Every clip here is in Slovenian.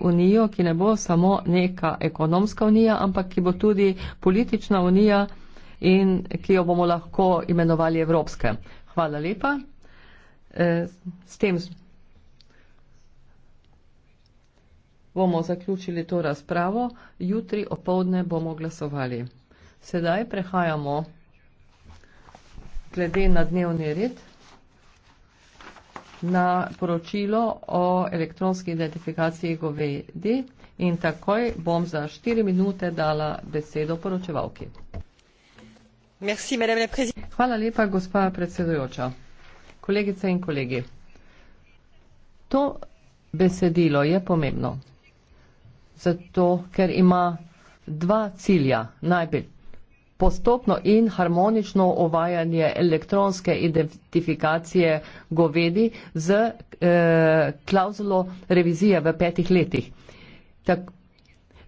unijo, ki ne bo samo neka ekonomska unija, ampak ki bo tudi politična unija in ki jo bomo lahko imenovali evropske. Hvala lepa. E, s tem bomo zaključili to razpravo. Jutri opovdne bomo glasovali. Sedaj prehajamo glede na dnevni red na poročilo o elektronski identifikaciji govedi in takoj bom za štiri minute dala besedo poročevalki. Hvala lepa, gospa predsedujoča. Kolegice in kolegi, to besedilo je pomembno, zato ker ima dva cilja, najbolj postopno in harmonično uvajanje elektronske identifikacije govedi z eh, klauzulo revizije v petih letih.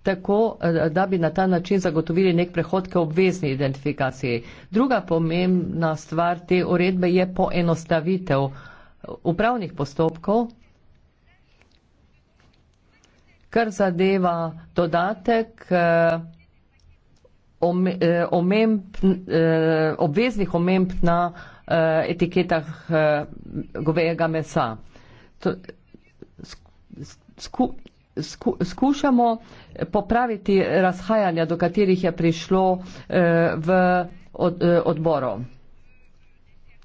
Tako, eh, da bi na ta način zagotovili nek prehod k obvezni identifikaciji. Druga pomembna stvar te uredbe je poenostavitev eh, upravnih postopkov, kar zadeva dodatek vsega, Eh, omemb, eh, obveznih omemb na eh, etiketah govejega mesa. Skušamo popraviti razhajanja, do katerih je prišlo v odboru,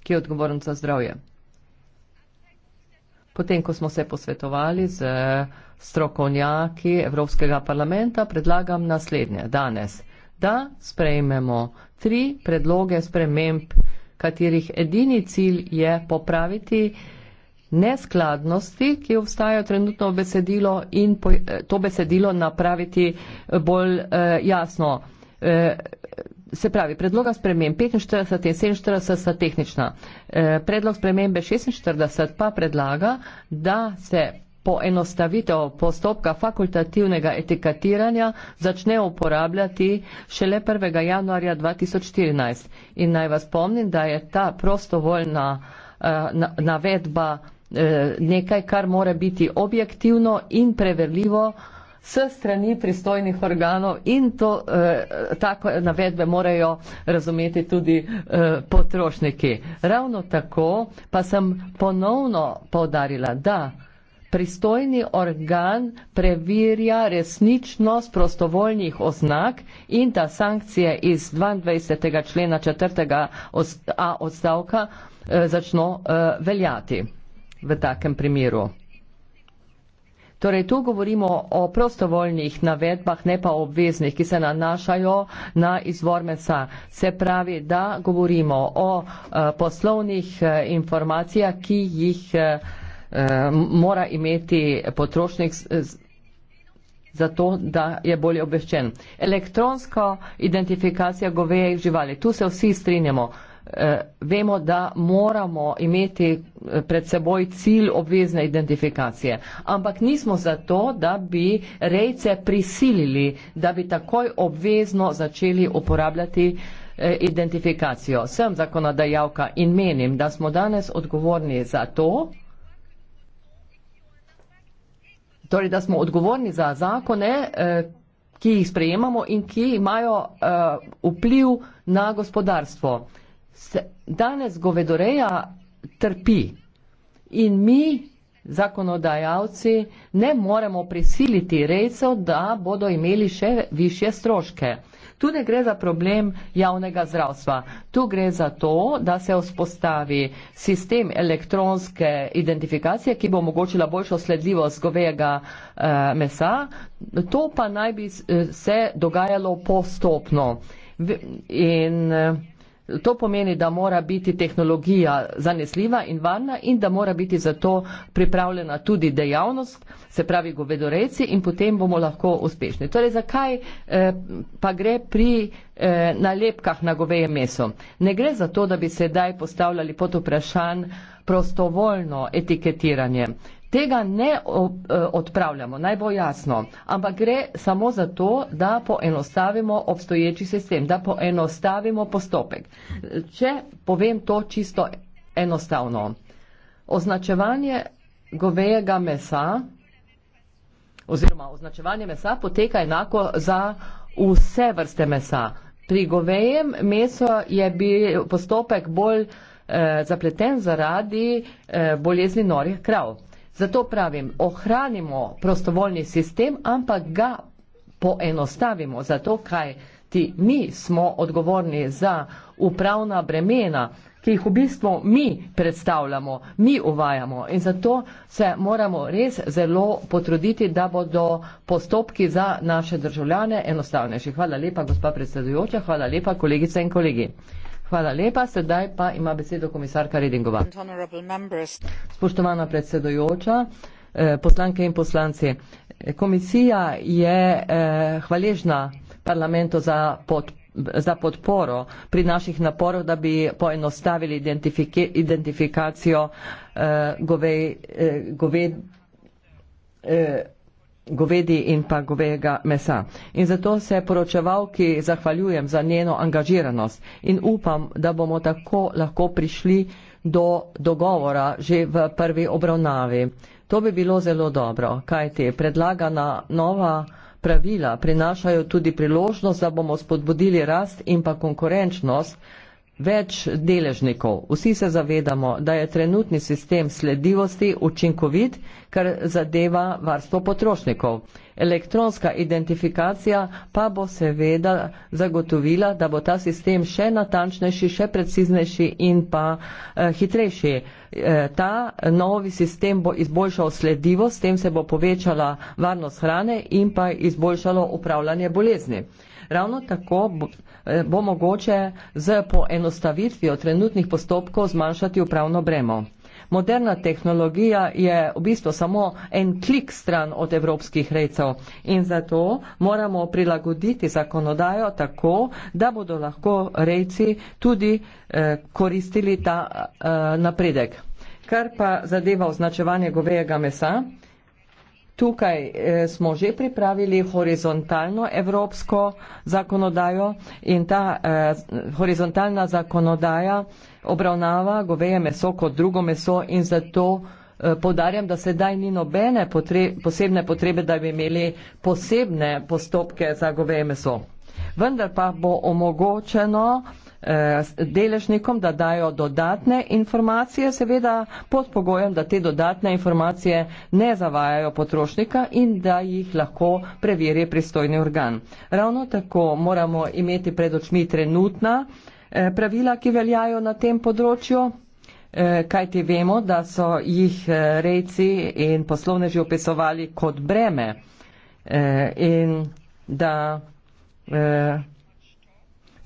ki je odgovoren za zdravje. Potem, ko smo se posvetovali z strokovnjaki Evropskega parlamenta, predlagam naslednje danes da sprejmemo tri predloge sprememb, katerih edini cilj je popraviti neskladnosti, ki obstajajo trenutno v besedilo in eh, to besedilo napraviti eh, bolj eh, jasno. Eh, se pravi, predloga sprememb 45 in 47 sta tehnična. Eh, predlog spremembe 46 pa predlaga, da se poenostavitev postopka fakultativnega etiketiranja začne uporabljati šele 1. januarja 2014. In naj vas spomnim, da je ta prostovoljna uh, na, navedba eh, nekaj, kar mora biti objektivno in preverljivo s strani pristojnih organov in to eh, tako navedbe morajo razumeti tudi eh, potrošniki. Ravno tako pa sem ponovno povdarila, da eh, pristojni organ preverja resničnost prostovoljnih oznak in da sankcije iz 22. člena 4. odstavka eh, začno eh, veljati v takem primeru. Torej, tu govorimo o prostovoljnih navedbah, ne pa obveznih, ki se nanašajo na izvor mesa. Se pravi, da govorimo o eh, poslovnih informacijah, ki jih Eh, mora imeti potrošnik zato, da je bolje obveščen. Elektronska identifikacija govejih živali, tu se vsi strinjamo. Eh, vemo, da moramo imeti eh, pred seboj cilj obvezne identifikacije, ampak nismo zato, da bi rejce prisilili, da bi takoj obvezno začeli uporabljati identifikacijo. Sem zakonodajalka in menim, da smo danes odgovorni za to, torej, da smo odgovorni za zakone, eh, ki jih sprejemamo in ki imajo eh, vpliv na gospodarstvo. Danes govedoreja trpi in mi, zakonodajalci, ne moremo prisiliti rejcev, da bodo imeli še više stroške. Tu ne gre za problem javnega zdravstva. Tu gre za to, da se vzpostavi sistem elektronske identifikacije, ki bo omogočila boljšo sledljivost govejega eh, mesa. To pa naj bi eh, se dogajalo postopno. In, eh, To pomeni, da mora biti tehnologija zanesljiva in varna in da mora biti za to pripravljena tudi dejavnost, se pravi govedoreci in potem bomo lahko uspešni. Torej, zakaj eh, pa gre pri eh, nalepkah na goveje meso? Ne gre za to, da bi se daj postavljali pod vprašanj prostovoljno etiketiranje. Tega ne eh, odpravljamo, naj bo jasno, ampak gre samo za to, da poenostavimo obstoječi sistem, da poenostavimo postopek. Če povem to čisto enostavno, označevanje govejega mesa oziroma označevanje mesa poteka enako za vse vrste mesa. Pri govejem meso je bil postopek bolj eh, zapleten zaradi eh, bolezni norih krav. Zato pravim, ohranimo prostovoljni sistem, ampak ga poenostavimo za to, kaj ti mi smo odgovorni za upravna bremena, ki jih v bistvu mi predstavljamo, mi uvajamo in zato se moramo res zelo potruditi, da bodo postopki za naše državljane enostavnejši. Hvala lepa, gospa predsedujoča, hvala lepa, kolegice in kolegi. Hvala lepa. Sedaj pa ima besedo komisarka Redingova. Spoštovana predsedojoča, eh, poslanke in poslanci. Komisija je eh, hvaležna parlamentu za podporo za podporo pri naših naporih, da bi poenostavili identifike, identifikacijo eh, govej, eh, goved, eh, govedi in pa govejega mesa. In zato se poročevalki zahvaljujem za njeno angažiranost in upam, da bomo tako lahko prišli do dogovora že v prvi obravnavi. To bi bilo zelo dobro, kajti predlagana nova pravila prinašajo tudi priložnost, da bomo spodbudili rast in pa konkurenčnost več deležnikov. Vsi se zavedamo, da je trenutni sistem sledljivosti učinkovit, kar zadeva varstvo potrošnikov. Elektronska identifikacija pa bo seveda zagotovila, da bo ta sistem še natančnejši, še preciznejši in pa eh, hitrejši. Eh, ta novi sistem bo izboljšal sledljivost, s tem se bo povečala varnost hrane in pa izboljšalo upravljanje bolezni. Ravno tako bo, Eh, bo mogoče z poenostavitvijo trenutnih postopkov zmanjšati upravno bremo. Moderna tehnologija je v bistvu samo en klik stran od evropskih rejcev in zato moramo prilagoditi zakonodajo tako, da bodo lahko rejci tudi eh, koristili ta eh, napredek. Kar pa zadeva označevanje govejega mesa, eh, Tukaj eh, smo že pripravili horizontalno evropsko zakonodajo in ta eh, horizontalna zakonodaja obravnava goveje meso kot drugo meso in zato eh, podarjam, da sedaj ni nobene potrebe, posebne potrebe, da bi imeli posebne postopke za goveje meso. Vendar pa bo omogočeno Eh, deležnikom, da dajo dodatne informacije, seveda pod pogojem, da te dodatne informacije ne zavajajo potrošnika in da jih lahko preveri pristojni organ. Ravno tako moramo imeti pred očmi trenutna eh, pravila, ki veljajo na tem področju, eh, kajti vemo, da so jih rejci in poslovneži opisovali kot breme in da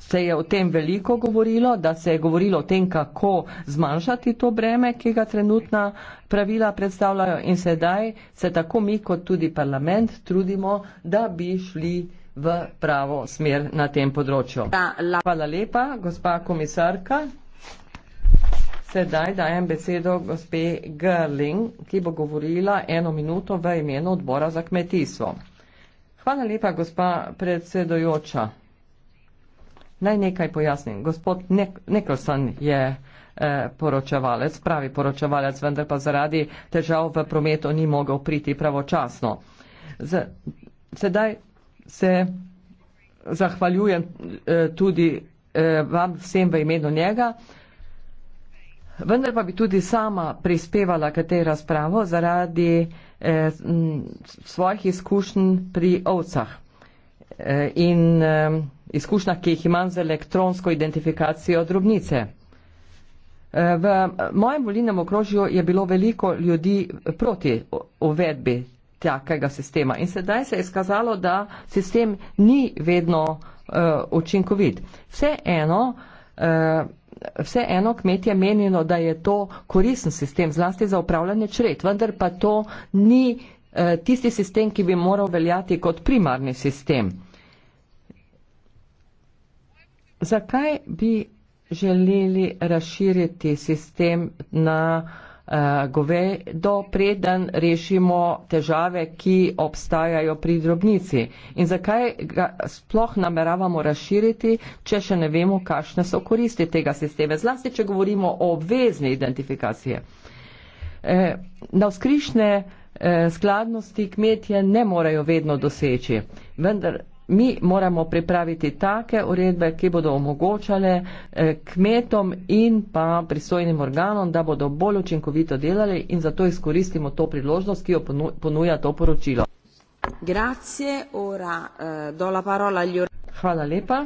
se je o tem veliko govorilo, da se je govorilo o tem, kako zmanjšati to breme, ki ga trenutna pravila predstavljajo in sedaj se tako mi kot tudi parlament trudimo, da bi šli v pravo smer na tem področju. Hvala lepa, gospa komisarka. Sedaj dajem besedo gospe Grling, ki bo govorila eno minuto v imenu odbora za kmetijstvo. Hvala lepa, gospa predsedojoča. Naj nekaj pojasnim. Gospod Nikolson je eh, poročevalec, pravi poročevalec, vendar pa zaradi težav v prometu ni mogel priti pravočasno. Z, sedaj se zahvaljujem eh, tudi eh, vam vsem v imenu njega, vendar pa bi tudi sama prispevala k tej razpravo zaradi svojih izkušenj pri ovcah. In izkušnjah, ki jih imam z elektronsko identifikacijo drobnice. Eh, v mojem volilnem okrožju je bilo veliko ljudi proti uvedbi takega sistema in sedaj se je izkazalo, da sistem ni vedno uh, učinkovit. Vseeno, uh, vseeno kmetje menijo, da je to koristen sistem, zlasti za upravljanje čred, vendar pa to ni uh, tisti sistem, ki bi moral veljati kot primarni sistem. Uh, Zakaj bi želeli razširiti sistem na eh, govedo, preden rešimo težave, ki obstajajo pri drobnici? In zakaj ga sploh nameravamo razširiti, če še ne vemo, kakšne so koristi tega sisteme? Zlasti, če govorimo o obvezni identifikaciji. Eh, na vzkrišne eh, skladnosti kmetje ne morejo vedno doseči, vendar Mi moramo pripraviti take uredbe, ki bodo omogočale eh, kmetom in pa pristojnim organom, da bodo bolj učinkovito delali in zato izkoristimo to priložnost, ki jo ponuja to poročilo. Grazie, ora eh, do la parola agli Hvala lepa.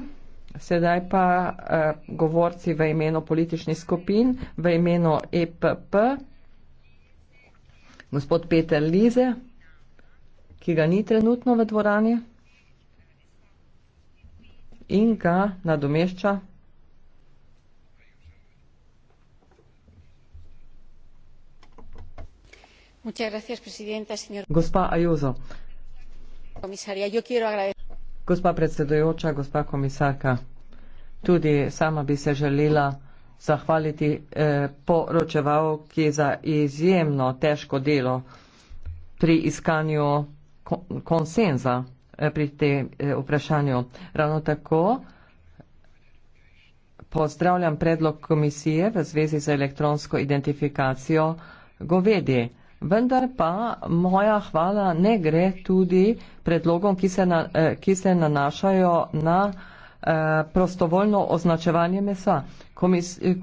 Sedaj pa eh, govorci v imenu političnih skupin, v imenu EPP, gospod Peter Lize, ki ga ni trenutno v dvorani in ga nadomešča gracias, señor... gospa Ajuzo. Gospa predsedojoča, gospa komisarka, tudi sama bi se želela zahvaliti eh, poročevalu, ki za izjemno težko delo pri iskanju konsenza Eh, pri tem eh, vprašanju. Ravno tako pozdravljam predlog komisije v zvezi z elektronsko identifikacijo govedi. Vendar pa moja hvala ne gre tudi predlogom, ki se, na, eh, ki se nanašajo na prostovoljno označevanje mesa.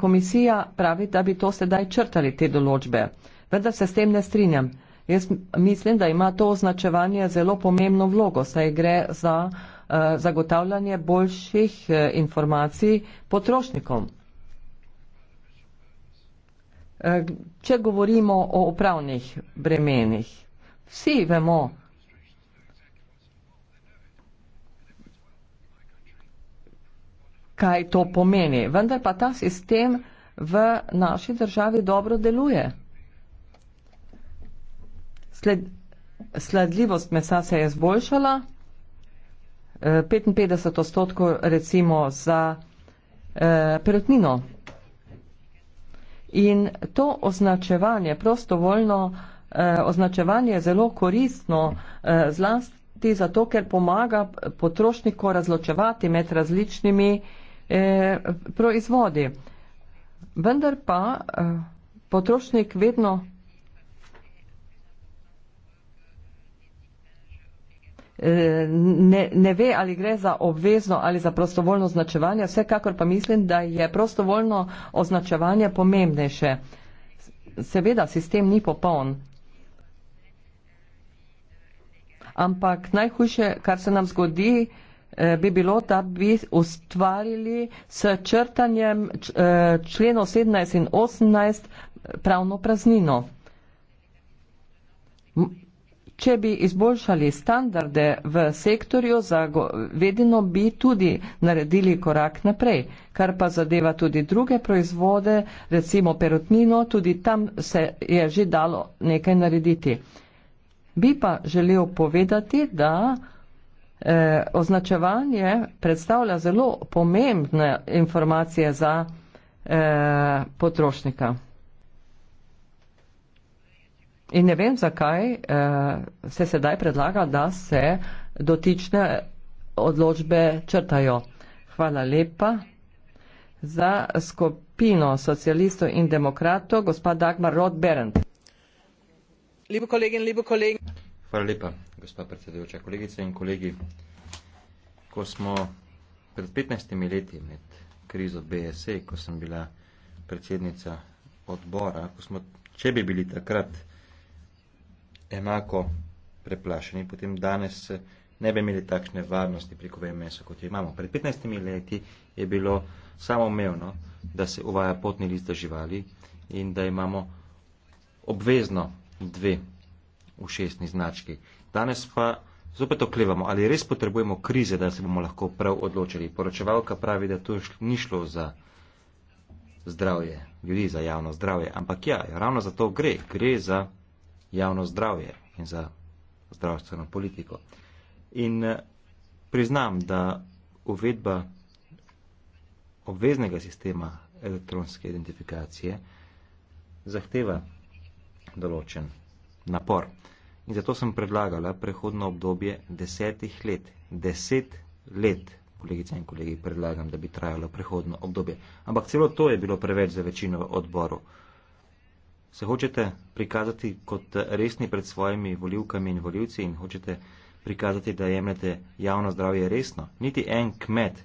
Komisija pravi, da bi to sedaj črtali te določbe. Vendar se s tem ne strinjam. Jaz mislim, da ima to označevanje zelo pomembno vlogo, saj gre za uh, zagotavljanje boljših uh, informacij potrošnikom. Uh, če govorimo o upravnih bremenih, vsi vemo, kaj to pomeni, vendar pa ta sistem v naši državi dobro deluje. Sled, sledljivost mesa se je zboljšala, 55 e, odstotkov recimo za e, perutnino. In to označevanje, prostovoljno e, označevanje je zelo koristno zlasti zato, ker pomaga potrošniku razločevati med različnimi proizvodi. Vendar pa potrošnik vedno Eh, ne, ne ve, ali gre za obvezno ali za prostovoljno označevanje, vsekakor pa mislim, da je prostovoljno označevanje pomembnejše. Seveda, sistem ni popoln. Ampak najhujše, kar se nam zgodi, eh, bi bilo, da bi ustvarili s črtanjem eh, členov 17 in 18 pravno praznino če bi izboljšali standarde v sektorju, vedno bi tudi naredili korak naprej, kar pa zadeva tudi druge proizvode, recimo perutnino, tudi tam se je že dalo nekaj narediti. Bi pa želel povedati, da eh, označevanje predstavlja zelo pomembne informacije za eh, potrošnika. In ne vem, zakaj eh, se sedaj predlaga, da se dotične odločbe črtajo. Hvala lepa za skupino socialistov in demokratov, gospa Dagmar Rod Berend. Lepo kolegin, lepo kolegin. Hvala lepa, gospa predsedujoča, kolegice in kolegi. Ko smo pred 15 leti med krizo BSE, ko sem bila predsednica odbora, ko smo, če bi bili takrat, enako preplašeni, potem danes eh, ne bi imeli takšne varnosti preko VMS-a, kot jo imamo. Pred 15 leti je bilo samoumevno, da se uvaja potni list za živali in da imamo obvezno dve ušesni znački. Danes pa zopet oklevamo, ali res potrebujemo krize, da se bomo lahko prav odločili. Poročevalka pravi, da to ni šlo za zdravje ljudi, za javno zdravje, ampak ja, ravno za to gre. Gre za javno zdravje in za zdravstveno politiko. In eh, priznam, da uvedba obveznega sistema elektronske identifikacije zahteva določen napor. In zato sem predlagala prehodno obdobje desetih let. Deset let, kolegice in kolegi, predlagam, da bi trajalo prehodno obdobje. Ampak celo to je bilo preveč za večino odborov se hočete prikazati kot resni pred svojimi voljivkami in voljivci in hočete prikazati, da jemljete javno zdravje resno. Niti en kmet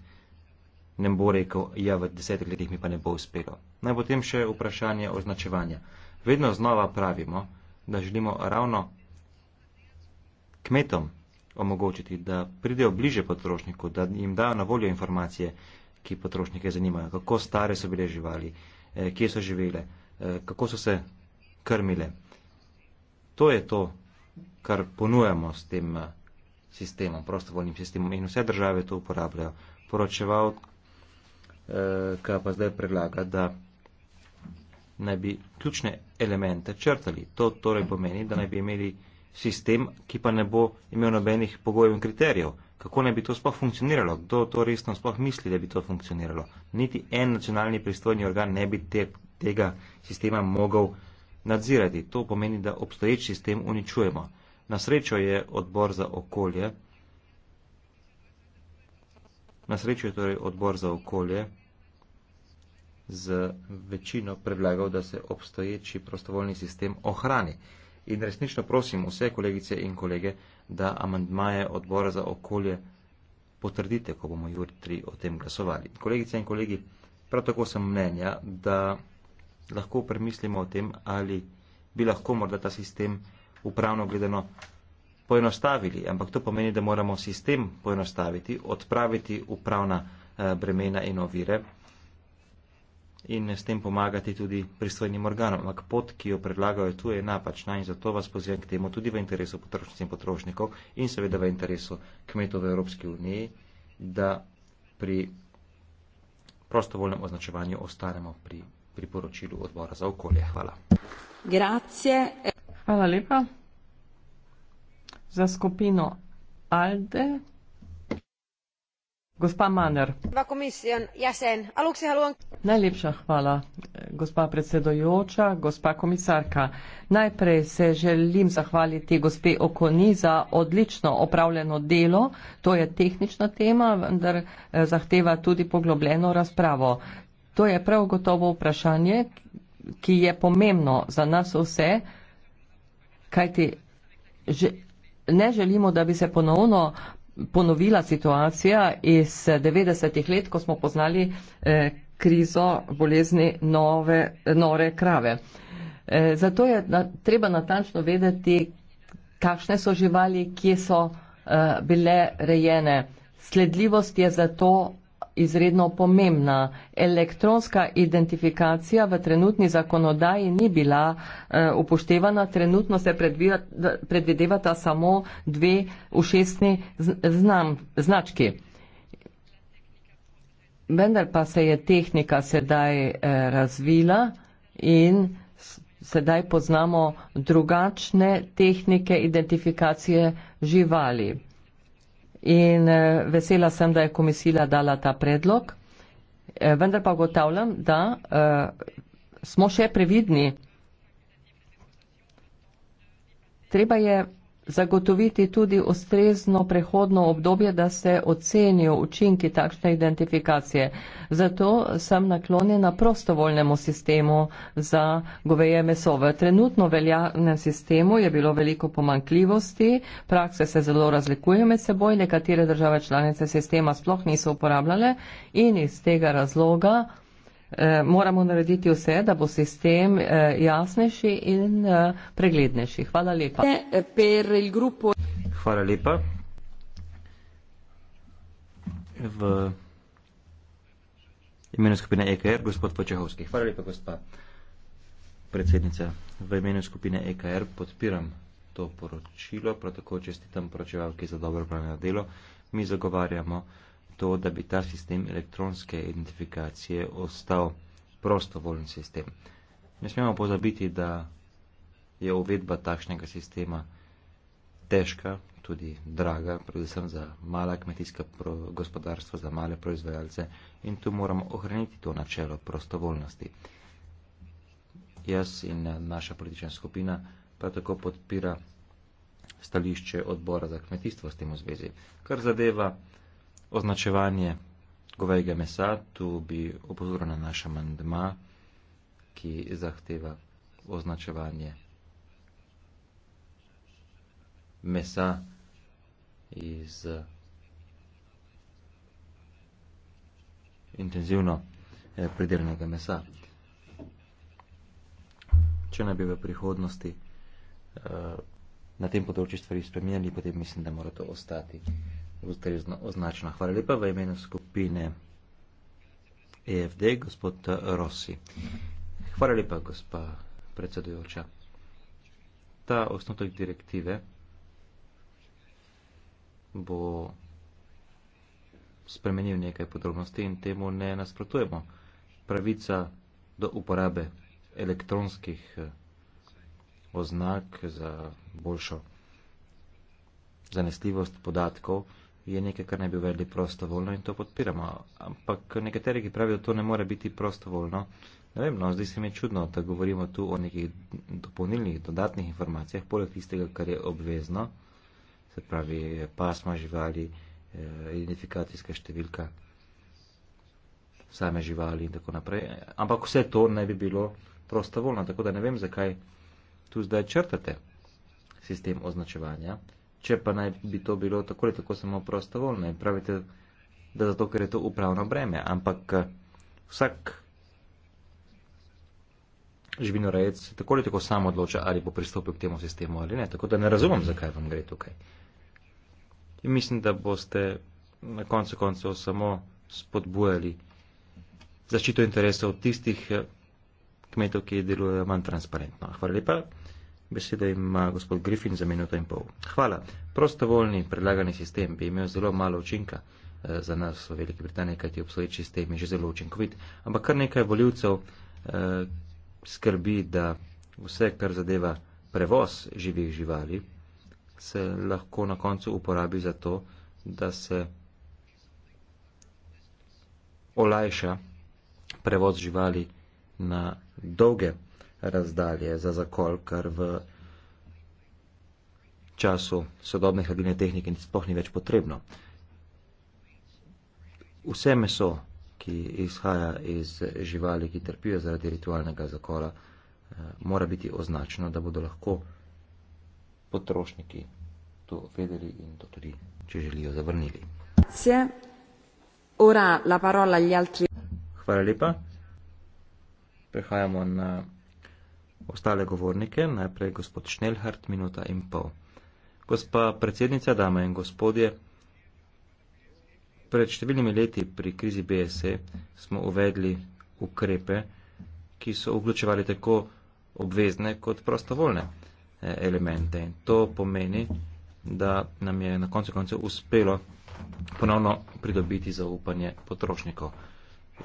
ne bo rekel, ja, v desetih letih mi pa ne bo uspelo. Naj bo tem še vprašanje označevanja. Vedno znova pravimo, da želimo ravno kmetom omogočiti, da pridejo bliže potrošniku, da jim dajo na voljo informacije, ki potrošnike zanimajo, kako stare so bile živali, eh, kje so živele, eh, kako so se krmile. To je to, kar ponujamo s tem eh, sistemom, prostovoljnim sistemom in vse države to uporabljajo. Poročeval, eh, kaj pa zdaj predlaga, da naj bi ključne elemente črtali. To torej pomeni, da naj bi imeli sistem, ki pa ne bo imel nobenih pogojev in kriterijev. Kako naj bi to sploh funkcioniralo? Kdo to resno sploh misli, da bi to funkcioniralo? Niti en nacionalni pristojni organ ne bi te, tega sistema mogel nadzirati. To pomeni, da obstoječ sistem uničujemo. Na srečo je odbor za okolje, na srečo je torej odbor za okolje z večino predlagal, da se obstoječi prostovoljni sistem ohrani. In resnično prosim vse kolegice in kolege, da amandmaje odbora za okolje potrdite, ko bomo jutri o tem glasovali. Kolegice in kolegi, prav tako sem mnenja, da lahko premislimo o tem, ali bi lahko morda ta sistem upravno gledano poenostavili. Ampak to pomeni, da moramo sistem poenostaviti, odpraviti upravna eh, bremena in ovire in s tem pomagati tudi pristojnim organom. Ampak pot, ki jo predlagajo tu, je napačna in zato vas pozivam k temu tudi v interesu potrošnic in potrošnikov in seveda v interesu kmetov v Evropski uniji, da pri prostovoljnem označevanju ostanemo pri priporočilu odbora za okolje. Hvala. Grazie. Hvala lepa. Za skupino ALDE. Gospa Maner. Najlepša hvala, gospa predsedojoča, gospa komisarka. Najprej se želim zahvaliti gospe Okoni za odlično opravljeno delo. To je tehnična tema, vendar eh, zahteva tudi poglobljeno razpravo. To je prav gotovo vprašanje, ki je pomembno za nas vse, kajti že, ne želimo, da bi se ponovno ponovila situacija iz 90-ih let, ko smo poznali eh, krizo bolezni nove, nore krave. Eh, zato je na, treba natančno vedeti, kakšne so živali, kje so eh, bile rejene. Sledljivost je zato izredno pomembna. Elektronska identifikacija v trenutni zakonodaji ni bila eh, upoštevana, trenutno se predvidevata samo dve ušestni znam, znački. Vendar pa se je tehnika sedaj eh, razvila in sedaj poznamo drugačne tehnike identifikacije živali. In eh, vesela sem, da je komisija dala ta predlog, eh, vendar pa gotavljam, da eh, smo še previdni. Treba je zagotoviti tudi ustrezno prehodno obdobje, da se ocenijo učinki takšne identifikacije. Zato sem naklonjena prostovoljnemu sistemu za goveje meso. V trenutno veljavnem sistemu je bilo veliko pomankljivosti, prakse se zelo razlikujejo med seboj, nekatere države članice sistema sploh niso uporabljale in iz tega razloga Eh, moramo narediti vse, da bo sistem eh, jasnejši in eh, preglednejši. Hvala lepa. Hvala lepa. V imenu skupine EKR, gospod Počehovski. Hvala lepa, gospa predsednica. V imenu skupine EKR podpiram to poročilo, prav tako čestitam poročevalki za dobro pravno delo. Mi zagovarjamo to, da bi ta sistem elektronske identifikacije ostal prostovoljen sistem. Ne smemo pozabiti, da je uvedba takšnega sistema težka, tudi draga, predvsem za mala kmetijska gospodarstva, za male proizvajalce in tu moramo ohraniti to načelo prostovoljnosti. Jaz in naša politična skupina prav tako podpira stališče odbora za kmetijstvo s tem v zvezi. Kar zadeva označevanje govejega mesa, tu bi opozoril na naš amandma, ki zahteva označevanje mesa iz intenzivno eh, pridelanega mesa. Če ne bi v prihodnosti eh, na tem področju stvari spremenili, potem mislim, da mora to ostati ustrezno označena. Hvala lepa v imenu skupine EFD, gospod Rossi. Hvala lepa, gospa predsedujoča. Ta osnotek direktive bo spremenil nekaj podrobnosti in temu ne nasprotujemo. Pravica do uporabe elektronskih eh, oznak za boljšo zanesljivost podatkov je nekaj, kar naj bi uvedli prostovoljno in to podpiramo. Ampak nekateri, ki pravijo, da to ne more biti prostovoljno, ne vem, no, zdi se mi čudno, da govorimo tu o nekih dopolnilnih, dodatnih informacijah, poleg tistega, kar je obvezno, se pravi pasma živali, eh, identifikacijska številka, same živali in tako naprej. Ampak vse to naj bi bilo prostovoljno, tako da ne vem, zakaj tu zdaj črtate sistem označevanja če pa naj bi to bilo tako ali tako samo prostovoljno in pravite, da zato, ker je to upravno breme, ampak eh, vsak živinorejec se tako ali tako samo odloča, ali bo pristopil k temu sistemu ali ne, tako da ne razumem, zakaj vam gre tukaj. In mislim, da boste na koncu koncev samo spodbujali zaščito interesov tistih eh, kmetov, ki delujejo manj transparentno. Hvala lepa. Beseda ima gospod Griffin za minuto in pol. Hvala. Prostovoljni predlagani sistem bi imel zelo malo učinka eh, za nas v Veliki Britaniji, kaj ti obstoječi sistem je že zelo učinkovit. Ampak kar nekaj voljivcev eh, skrbi, da vse, kar zadeva prevoz živih živali, se lahko na koncu uporabi za to, da se olajša prevoz živali na dolge razdalje za zakol, kar v času sodobne hladilne tehnike sploh ni več potrebno. Vse meso, ki izhaja iz živali, ki trpijo zaradi ritualnega zakola, eh, mora biti označeno, da bodo lahko potrošniki to vedeli in to tudi, če želijo, zavrnili. Se, ora la parola gli altri. Hvala lepa. Prehajamo na ostale govornike, najprej gospod Šnelhart, minuta in pol. Gospa predsednica, dame in gospodje, pred številnimi leti pri krizi BSE smo uvedli ukrepe, ki so vključevali tako obvezne kot prostovoljne eh, elemente. To pomeni, da nam je na koncu koncu uspelo ponovno pridobiti zaupanje potrošnikov.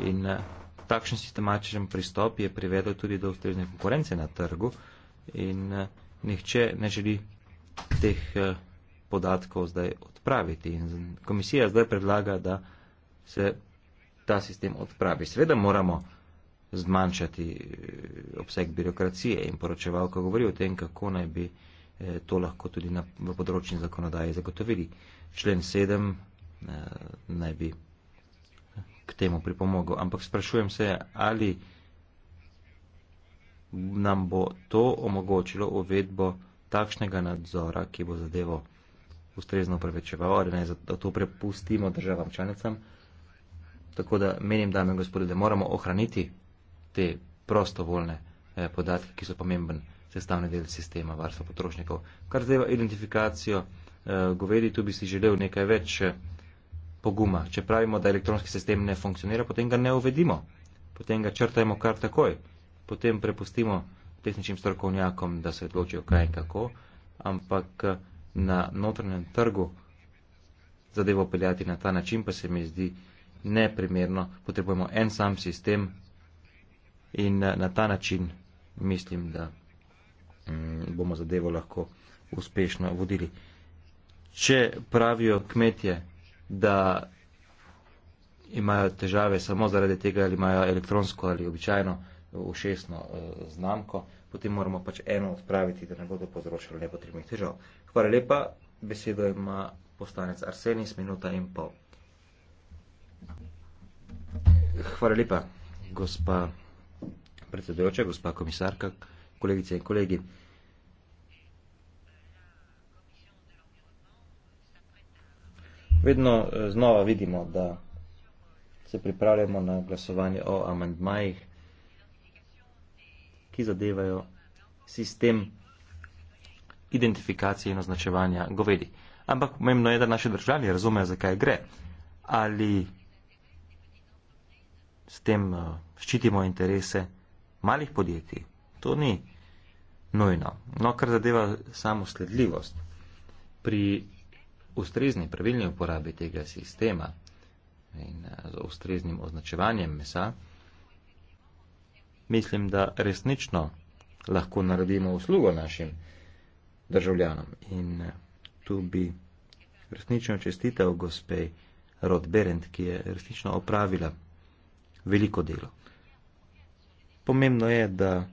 In eh, takšen sistematičen pristop je privedel tudi do ustrezne konkurence na trgu in eh, nihče ne želi teh eh, podatkov zdaj odpraviti. In komisija zdaj predlaga, da se ta sistem odpravi. Seveda moramo zmanjšati eh, obseg birokracije in poročevalka govori o tem, kako naj bi to lahko tudi na, v področni zakonodaji zagotovili. Člen 7 eh, naj bi k temu pripomogel. Ampak sprašujem se, ali nam bo to omogočilo uvedbo takšnega nadzora, ki bo zadevo ustrezno prevečeval, ali ne, da to prepustimo državam članicam. Tako da menim, dame in gospode, da moramo ohraniti te prostovoljne eh, podatke, ki so pomemben sestavni del sistema varstva potrošnikov. Kar zdaj identifikacijo eh, govedi, tu bi si želel nekaj več. Eh, poguma. Če pravimo, da elektronski sistem ne funkcionira, potem ga ne uvedimo, potem ga črtajmo kar takoj, potem prepustimo tehničnim strokovnjakom, da se odločijo kaj in kako, ampak na notranjem trgu zadevo peljati na ta način pa se mi zdi neprimerno. Potrebujemo en sam sistem in na ta način mislim, da mm, bomo zadevo lahko uspešno vodili. Če pravijo kmetje, da imajo težave samo zaradi tega, ali imajo elektronsko ali običajno ušesno eh, znamko, potem moramo pač eno odpraviti, da ne bodo povzročali nepotrebnih težav. Hvala lepa, besedo ima poslanec Arsenis, minuta in pol. Hvala lepa, gospa predsedujoča, gospa komisarka, kolegice in kolegi. vedno eh, znova vidimo, da se pripravljamo na glasovanje o amandmajih, ki zadevajo sistem identifikacije in označevanja govedi. Ampak pomembno je, da naši državljani razumejo, zakaj gre. Ali s tem eh, ščitimo interese malih podjetij. To ni nujno. No, kar zadeva samo sledljivost. Pri ustrezni pravilni uporabi tega sistema in eh, z ustreznim označevanjem mesa, mislim, da resnično lahko naredimo uslugo našim državljanom. In eh, tu bi resnično čestitev gospe Rod Berend, ki je resnično opravila veliko delo. Pomembno je, da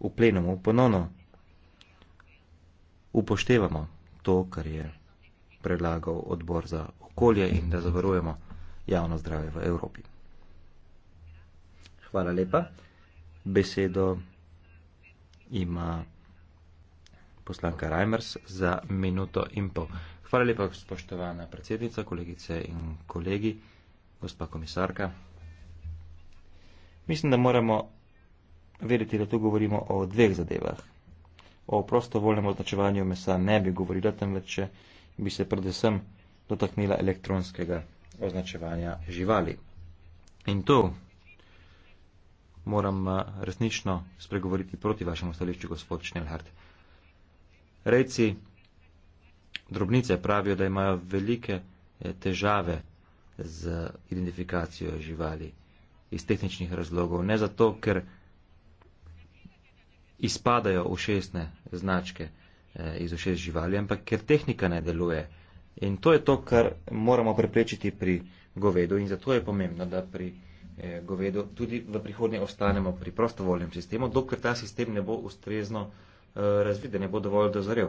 v plenumu ponovno upoštevamo to, kar je predlagal odbor za okolje in da zavarujemo javno zdravje v Evropi. Hvala lepa. Besedo ima poslanka Reimers za minuto in pol. Hvala lepa, spoštovana predsednica, kolegice in kolegi, gospa komisarka. Mislim, da moramo vedeti, da tu govorimo o dveh zadevah o prostovoljnem označevanju mesa ne bi govorila, temveč bi se predvsem dotaknila elektronskega označevanja živali. In to moram eh, resnično spregovoriti proti vašemu stališču, gospod Schnellhardt. Rejci drobnice pravijo, da imajo velike eh, težave z identifikacijo živali iz tehničnih razlogov. Ne zato, ker izpadajo ušesne značke eh, iz ušes živali, ampak ker tehnika ne deluje. In to je to, kar moramo preprečiti pri govedu in zato je pomembno, da pri eh, govedu tudi v prihodnje ostanemo pri prostovoljnem sistemu, dokler ta sistem ne bo ustrezno eh, razvit, da ne bo dovolj dozorel.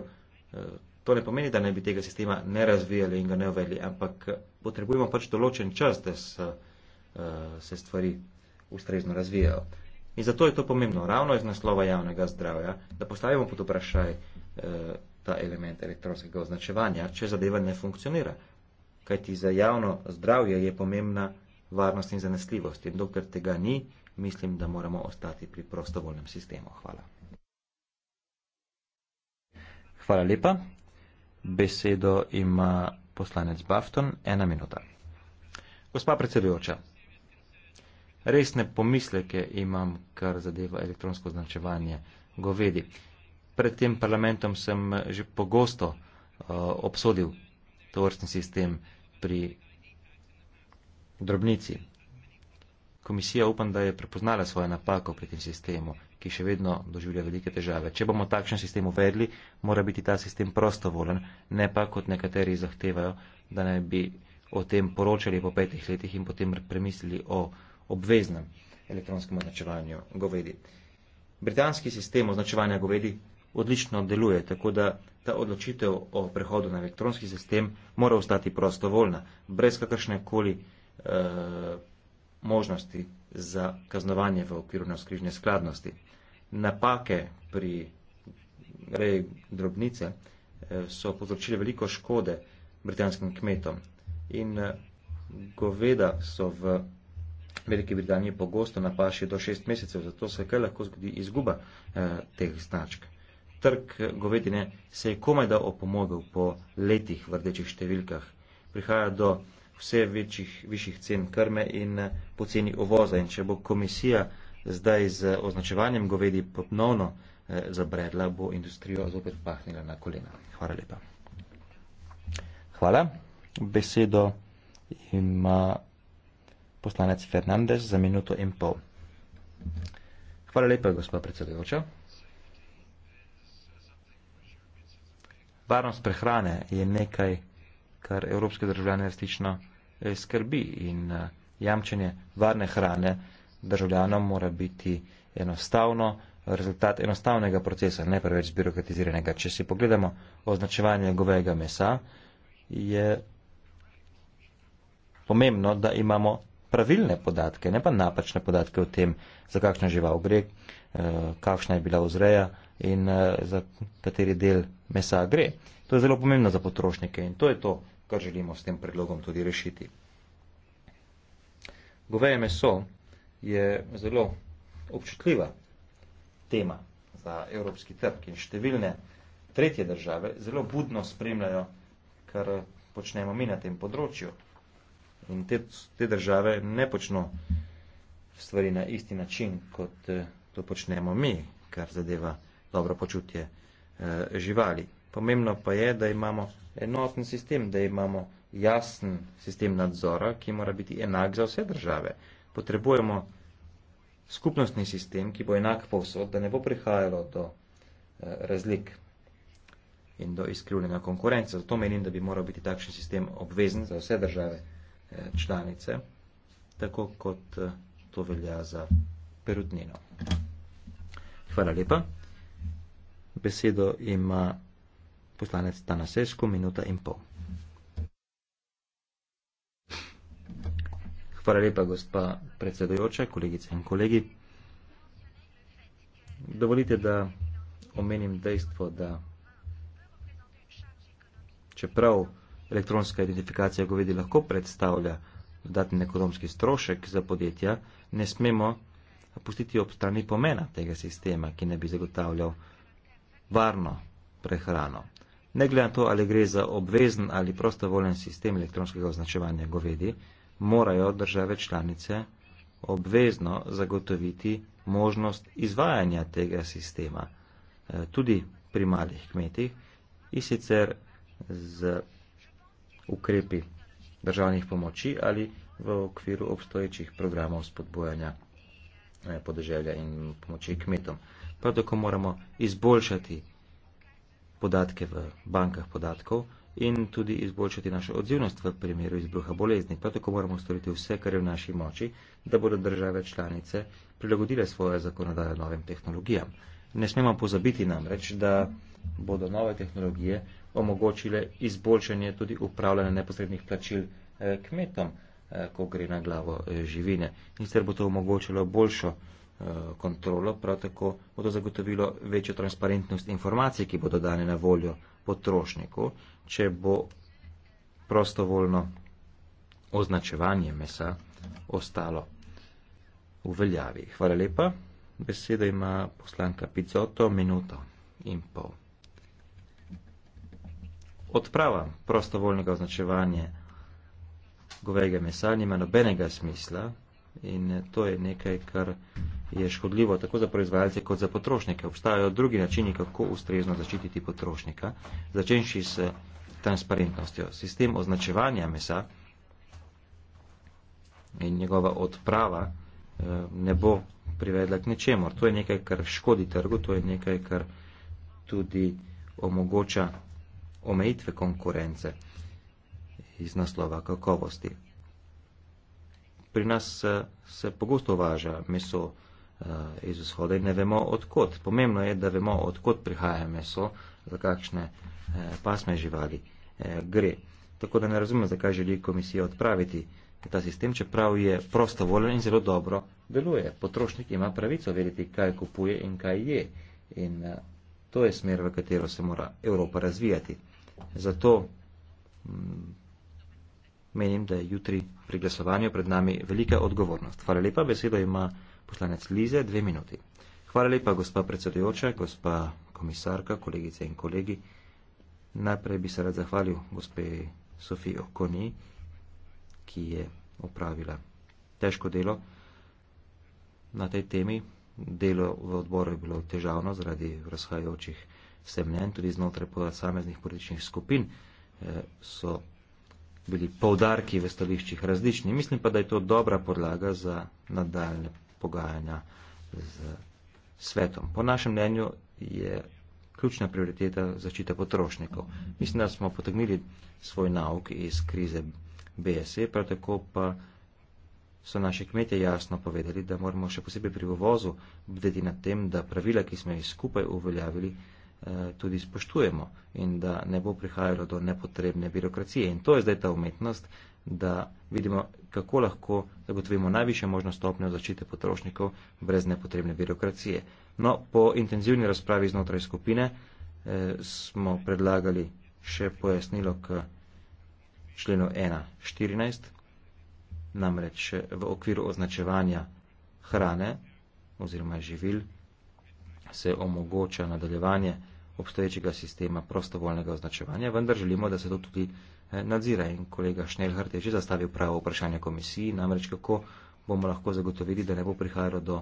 To ne pomeni, da ne bi tega sistema ne razvijali in ga ne uveli, ampak potrebujemo pač določen čas, da se stvari ustrezno razvijajo. In zato je to pomembno, ravno iz naslova javnega zdravja, da postavimo pod vprašaj eh, ta element elektronskega označevanja, če zadeva ne funkcionira. Kajti za javno zdravje je pomembna varnost in zanesljivost. In dokler tega ni, mislim, da moramo ostati pri prostovoljnem sistemu. Hvala. Hvala lepa. Besedo ima poslanec Bafton. Ena minuta. Gospa predsedujoča, resne pomisleke imam, kar zadeva elektronsko označevanje govedi. Pred tem parlamentom sem že pogosto uh, obsodil to vrstni sistem pri drobnici. Komisija upam, da je prepoznala svojo napako pri tem sistemu, ki še vedno doživlja velike težave. Če bomo takšen sistem uvedli, mora biti ta sistem prostovolen, ne pa kot nekateri zahtevajo, da naj bi o tem poročali po petih letih in potem premislili o obveznem elektronskem označevanju govedi. Britanski sistem označevanja govedi odlično deluje, tako da ta odločitev o prehodu na elektronski sistem mora ostati prostovoljna, brez kakršne koli eh, možnosti za kaznovanje v okviru navskrižne skladnosti. Napake pri reji drobnice eh, so povzročile veliko škode britanskim kmetom in eh, goveda so v Veliki Britanije pogosto napaši do šest mesecev, zato se kaj lahko zgodi izguba eh, teh značk. Trg eh, govedine se je komaj da opomogel po letih v rdečih številkah. Prihaja do vse večjih, višjih cen krme in eh, poceni ovoza. In če bo komisija zdaj z označevanjem govedi popnovno eh, zabredla, bo industrijo zopet pahnila na kolena. Hvala lepa. Hvala. Besedo ima. In poslanec Fernandez za minuto in pol. Hvala lepa, gospod predsedujoča. Varnost prehrane je nekaj, kar evropske državljane resnično eh, skrbi in eh, jamčenje varne hrane državljanom mora biti enostavno, rezultat enostavnega procesa, ne preveč zbirokratiziranega. Če si pogledamo označevanje govejega mesa, je pomembno, da imamo pravilne podatke, ne pa napačne podatke o tem, za kakšno žival gre, eh, kakšna je bila vzreja in eh, za kateri del mesa gre. To je zelo pomembno za potrošnike in to je to, kar želimo s tem predlogom tudi rešiti. Goveje meso je zelo občutljiva tema za evropski trg in številne tretje države zelo budno spremljajo, kar počnemo mi na tem področju in te, te države ne počno stvari na isti način, kot eh, to počnemo mi, kar zadeva dobro počutje eh, živali. Pomembno pa je, da imamo enoten sistem, da imamo jasen sistem nadzora, ki mora biti enak za vse države. Potrebujemo skupnostni sistem, ki bo enak povsod, da ne bo prihajalo do eh, razlik in do izkrivljena konkurence. Zato menim, da bi moral biti takšen sistem obvezen za vse države članice, tako kot eh, to velja za perutnino. Hvala lepa. Besedo ima poslanec Tanasesko, minuta in pol. Hvala lepa, gospa predsedojoča, kolegice in kolegi. Dovolite, da omenim dejstvo, da čeprav elektronska identifikacija govedi lahko predstavlja dodaten ekonomski strošek za podjetja, ne smemo pustiti ob strani pomena tega sistema, ki ne bi zagotavljal varno prehrano. Ne glede na to, ali gre za obvezen ali prostovoljen sistem elektronskega označevanja govedi, morajo države članice obvezno zagotoviti možnost izvajanja tega sistema eh, tudi pri malih kmetih in sicer z ukrepi državnih pomoči ali v okviru obstoječih programov spodbojanja eh, podeželja in pomoči kmetom. Prav tako moramo izboljšati podatke v bankah podatkov in tudi izboljšati našo odzivnost v primeru izbruha bolezni. Prav tako moramo storiti vse, kar je v naši moči, da bodo države članice prilagodile svoje zakonodaje novim tehnologijam. Ne smemo pozabiti namreč, da bodo nove tehnologije omogočile izboljšanje tudi upravljanja neposrednih plačil eh, kmetom, eh, ko gre na glavo eh, živine. In sicer bo to omogočilo boljšo kontrolo, prav tako bo to zagotovilo večjo transparentnost informacij, ki bodo dane na voljo potrošniku, če bo prostovoljno označevanje mesa ostalo v veljavi. Hvala lepa. Besedo ima poslanka Picoto, minuto in pol. Odprava prostovoljnega označevanja govejega mesa nima nobenega smisla in to je nekaj, kar je škodljivo tako za proizvajalce kot za potrošnike. Obstajajo drugi načini, kako ustrezno zaščititi potrošnika, začenši s transparentnostjo. Sistem označevanja mesa in njegova odprava eh, ne bo privedla k nečemor. To je nekaj, kar škodi trgu, to je nekaj, kar tudi omogoča omejitve konkurence iz naslova kakovosti. Pri nas eh, se pogosto uvaža meso eh, iz vzhoda in ne vemo odkot. Pomembno je, da vemo odkot prihaja meso, za kakšne eh, pasme živali gre. Tako da ne razumem, zakaj želi komisija odpraviti ta sistem, čeprav je prostovoljen in zelo dobro deluje. Potrošnik ima pravico vedeti, kaj kupuje in kaj je. In eh, to je smer, v katero se mora Evropa razvijati. Zato m, mm, menim, da je jutri pri glasovanju pred nami velika odgovornost. Hvala lepa, besedo ima poslanec Lize, dve minuti. Hvala lepa, gospa predsedujoča, gospa komisarka, kolegice in kolegi. Najprej bi se rad zahvalil gospe Sofijo Koni ki je opravila težko delo na tej temi. Delo v odboru je bilo težavno zaradi razhajajočih vse mnen, tudi znotraj posameznih političnih skupin eh, so bili povdarki v stališčih različni. Mislim pa, da je to dobra podlaga za nadaljne pogajanja z svetom. Po našem mnenju je ključna prioriteta zaščita potrošnikov. Mislim, da smo potegnili svoj nauk iz krize BSE, prav tako pa so naše kmetje jasno povedali, da moramo še posebej pri uvozu bdeti nad tem, da pravila, ki smo jih skupaj uveljavili, eh, tudi spoštujemo in da ne bo prihajalo do nepotrebne birokracije. In to je zdaj ta umetnost, da vidimo, kako lahko zagotovimo najviše možno stopnjo zaščite potrošnikov brez nepotrebne birokracije. No, po intenzivni razpravi znotraj skupine eh, smo predlagali še pojasnilo k členu 1.14, namreč v okviru označevanja hrane oziroma živil se omogoča nadaljevanje obstoječega sistema prostovoljnega označevanja, vendar želimo, da se to tudi eh, nadzira. In kolega Šnelhart je že zastavil pravo vprašanje komisiji, namreč kako bomo lahko zagotovili, da ne bo prihajalo do uh,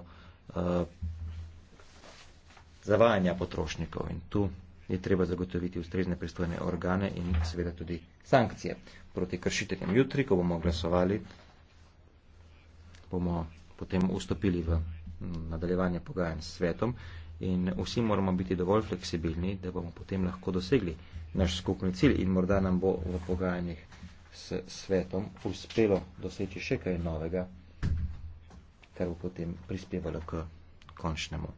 zavajanja potrošnikov. In tu je treba zagotoviti ustrezne pristojne organe in seveda tudi sankcije proti kršiteljem. Jutri, ko bomo glasovali, bomo potem vstopili v nadaljevanje pogajanj s svetom in vsi moramo biti dovolj fleksibilni, da bomo potem lahko dosegli naš skupni cilj in morda nam bo v pogajanjih s svetom uspelo doseči še kaj novega, kar bo potem prispevalo k končnemu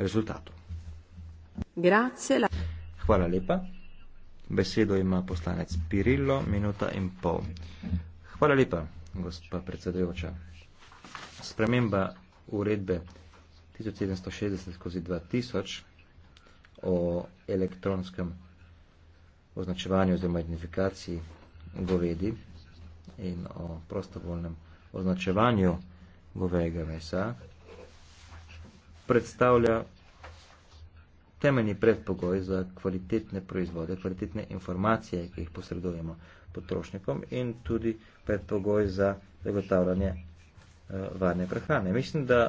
rezultatu. Hvala lepa. Besedo ima poslanec Pirillo, minuta in pol. Hvala lepa, gospa predsedujoča. Sprememba uredbe 1760-2000 o elektronskem označevanju oziroma identifikaciji govedi in o prostovoljnem označevanju govejega mesa predstavlja temeljni predpogoj za kvalitetne proizvode, kvalitetne informacije, ki jih posredujemo potrošnikom in tudi predpogoj za zagotavljanje eh, varne prehrane. Mislim, da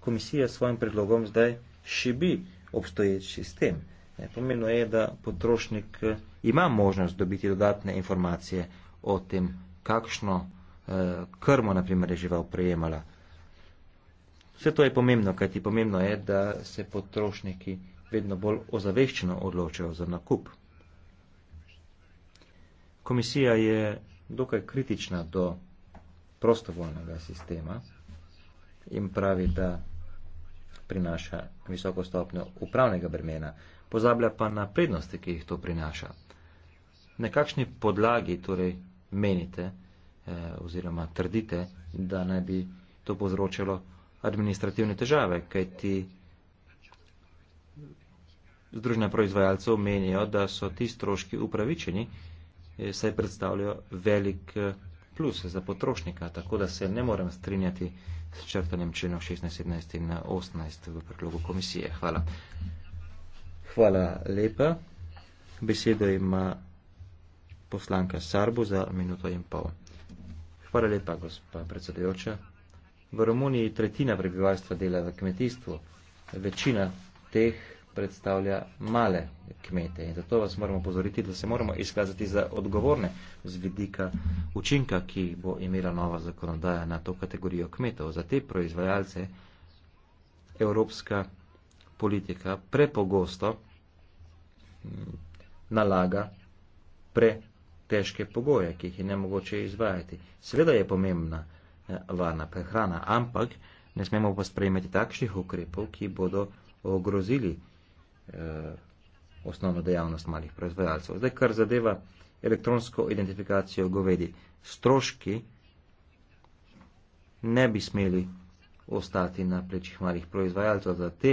komisija s svojim predlogom zdaj šibi obstoječ sistem. Pomembno je, da potrošnik eh, ima možnost dobiti dodatne informacije o tem, kakšno eh, krmo naprimer, je žival prejemala. Vse to je pomembno, kajti pomembno je, da se potrošniki vedno bolj ozaveščeno odločajo za nakup. Komisija je dokaj kritična do prostovoljnega sistema in pravi, da prinaša visoko stopnjo upravnega bremena, pozablja pa na prednosti, ki jih to prinaša. Na kakšni podlagi torej menite eh, oziroma trdite, da naj bi to povzročalo administrativne težave, kajti Združenja proizvajalcev menijo, da so ti stroški upravičeni, eh, saj predstavljajo velik eh, plus za potrošnika, tako da se ne morem strinjati s črtanjem členov 16, 17 in 18 eh, v predlogu komisije. Hvala. Hvala lepa. Besedo ima poslanka Sarbu za minuto in pol. Hvala lepa, gospa predsedujoča. V Romuniji tretjina prebivalstva dela v kmetijstvu. Večina teh predstavlja male kmete. In zato vas moramo pozoriti, da se moramo izkazati za odgovorne z vidika učinka, ki bo imela nova zakonodaja na to kategorijo kmetov. Za te proizvajalce evropska politika prepogosto mm, nalaga pretežke pogoje, ki jih je nemogoče izvajati. Seveda je pomembna eh, varna prehrana, ampak ne smemo pa sprejemati takšnih ukrepov, ki bodo ogrozili Eh, osnovno dejavnost malih proizvajalcev. Zdaj, kar zadeva elektronsko identifikacijo govedi, stroški ne bi smeli ostati na plečih malih proizvajalcev. Za te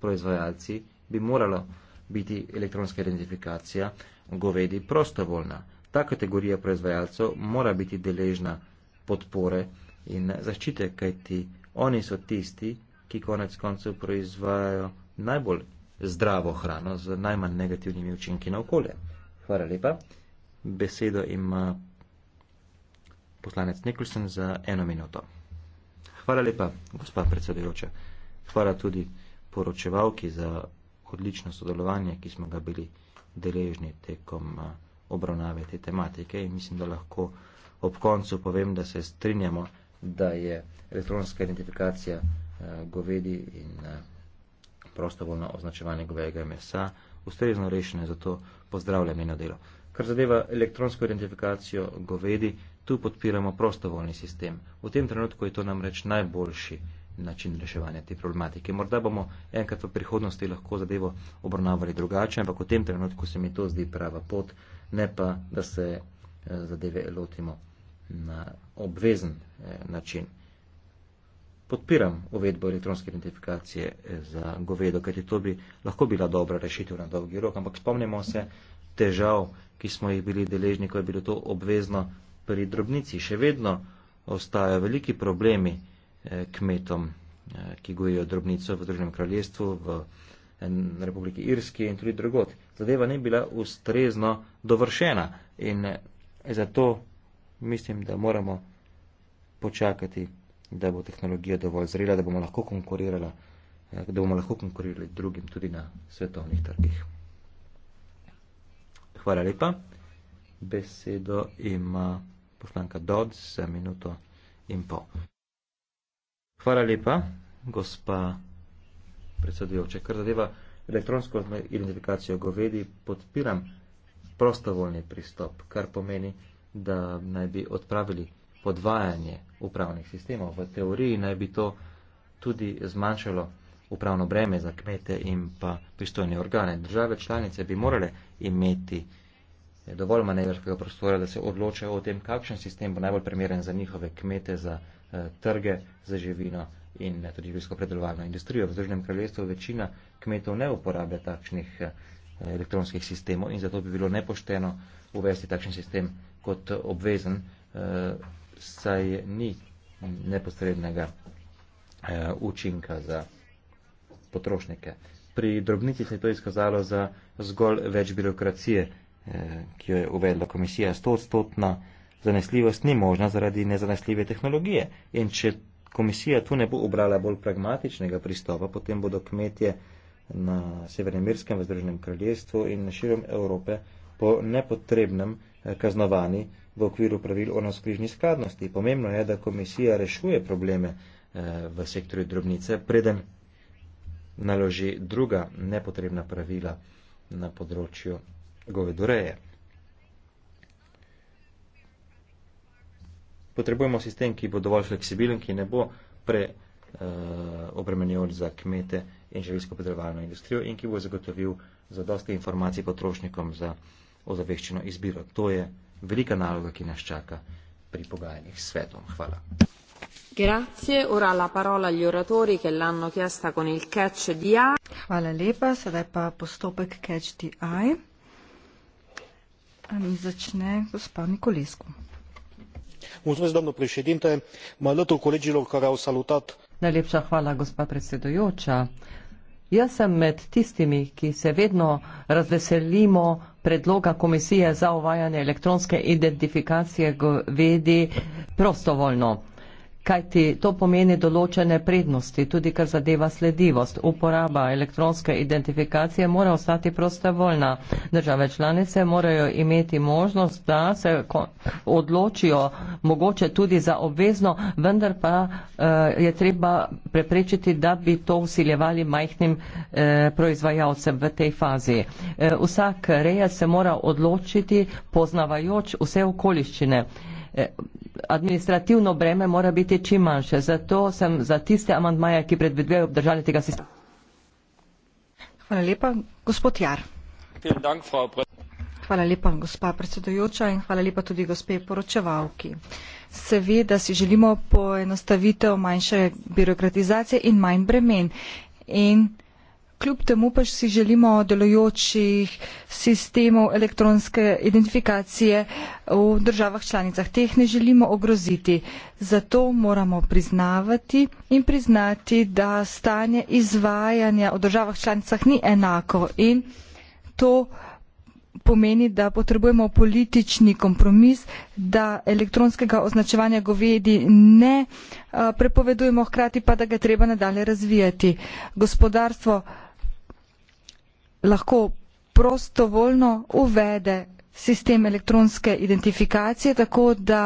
proizvajalci bi morala biti elektronska identifikacija govedi prostovoljna. Ta kategorija proizvajalcev mora biti deležna podpore in zaščite, kajti oni so tisti, ki konec koncev proizvajajo najbolj zdravo hrano z najmanj negativnimi učinki na okolje. Hvala lepa. Besedo ima poslanec Nikolsen za eno minuto. Hvala lepa, gospod predsedujoče. Hvala tudi poročevalki za odlično sodelovanje, ki smo ga bili deležni tekom obravnave te tematike in mislim, da lahko ob koncu povem, da se strinjamo, da je elektronska identifikacija govedi in prostovoljno označevanje govejega mesa, ustrezno rešene, zato pozdravljam njeno delo. Kar zadeva elektronsko identifikacijo govedi, tu podpiramo prostovoljni sistem. V tem trenutku je to namreč najboljši način reševanja te problematike. Morda bomo enkrat v prihodnosti lahko zadevo obravnavali drugače, ampak v tem trenutku se mi to zdi prava pot, ne pa, da se eh, zadeve lotimo na obvezen eh, način podpiram uvedbo elektronske identifikacije eh, za govedo, ker je to bi lahko bila dobra rešitev na dolgi rok, ampak spomnimo se težav, ki smo jih bili deležni, ko je bilo to obvezno pri drobnici. Še vedno ostajajo veliki problemi eh, kmetom, eh, ki gojijo drobnico v Združenem kraljestvu, v Republiki Irski in tudi drugot. Zadeva ni bila ustrezno dovršena in zato mislim, da moramo počakati da bo tehnologija dovolj zrela, da bomo lahko konkurirali, eh, da bomo lahko konkurirali drugim tudi na svetovnih trgih. Hvala lepa. Besedo ima poslanka Dodd za minuto in pol. Hvala lepa, gospa predsedujoča. Kar zadeva elektronsko identifikacijo govedi, podpiram prostovoljni pristop, kar pomeni, da naj bi odpravili podvajanje upravnih sistemov. V teoriji naj bi to tudi zmanjšalo upravno breme za kmete in pa pristojne organe. Države članice bi morale imeti dovolj manevrskega prostora, da se odločajo o tem, kakšen sistem bo najbolj primeren za njihove kmete, za eh, trge, za živino in eh, tudi živinsko predelovalno industrijo. V Združenem kraljestvu večina kmetov ne uporablja takšnih eh, elektronskih sistemov in zato bi bilo nepošteno uvesti takšen sistem kot obvezen. Eh, saj ni neposrednega eh, učinka za potrošnike. Pri drobnici se je to izkazalo za zgolj več birokracije, eh, ki jo je uvedla komisija. 100-stotna zanesljivost ni možna zaradi nezanesljive tehnologije. In če komisija tu ne bo obrala bolj pragmatičnega pristopa, potem bodo kmetje na Severnem Irskem, v Združenem kraljestvu in širom Evrope po nepotrebnem eh, kaznovani v okviru pravil o naskrižni skladnosti. Pomembno je, da komisija rešuje probleme eh, v sektorju drobnice, preden naloži druga nepotrebna pravila na področju govedoreje. Potrebujemo sistem, ki bo dovolj fleksibilen, ki ne bo pre uh, eh, obremenjujoč za kmete in želijsko predelovalno industrijo in ki bo zagotovil zadosti informacij potrošnikom za uh, ozaveščeno izbiro. To je velika naloga, ki nas čaka pri pogajanjih s svetom. Hvala. Grazie, ora la parola agli oratori che l'hanno chiesta con il catch di A. Hvala lepa, sedaj pa postopek catch di A. Mi začne gospod Nikolescu. Mulțumesc, doamnă președinte. Mă alătur colegilor care au salutat. Najlepša hvala, gospa predsedujoča. Jaz sem med tistimi, ki se vedno razveselimo predloga komisije za uvajanje elektronske identifikacije v VD prostovoljno kajti to pomeni določene prednosti, tudi kar zadeva sledivost. Uporaba elektronske identifikacije mora ostati prostovoljna. Države članice morajo imeti možnost, da se odločijo mogoče tudi za obvezno, vendar pa eh, je treba preprečiti, da bi to usiljevali majhnim eh, proizvajalcem v tej fazi. Eh, vsak reja se mora odločiti poznavajoč vse okoliščine. Eh, administrativno breme mora biti čim manjše. Zato sem za tiste amantmaje, ki predvidujejo obdržanje tega sistema. Hvala lepa, gospod Jar. Hvala lepa, gospa predsedujoča in hvala lepa tudi gospe poročevalki. Seveda si želimo poenostavitev manjše birokratizacije in manj bremen. In Kljub temu pa si želimo delojočih sistemov elektronske identifikacije v državah članicah. Teh ne želimo ogroziti. Zato moramo priznavati in priznati, da stanje izvajanja v državah članicah ni enako. In to pomeni, da potrebujemo politični kompromis, da elektronskega označevanja govedi ne prepovedujemo, hkrati pa, da ga treba nadalje razvijati. Gospodarstvo lahko prostovoljno uvede sistem elektronske identifikacije tako da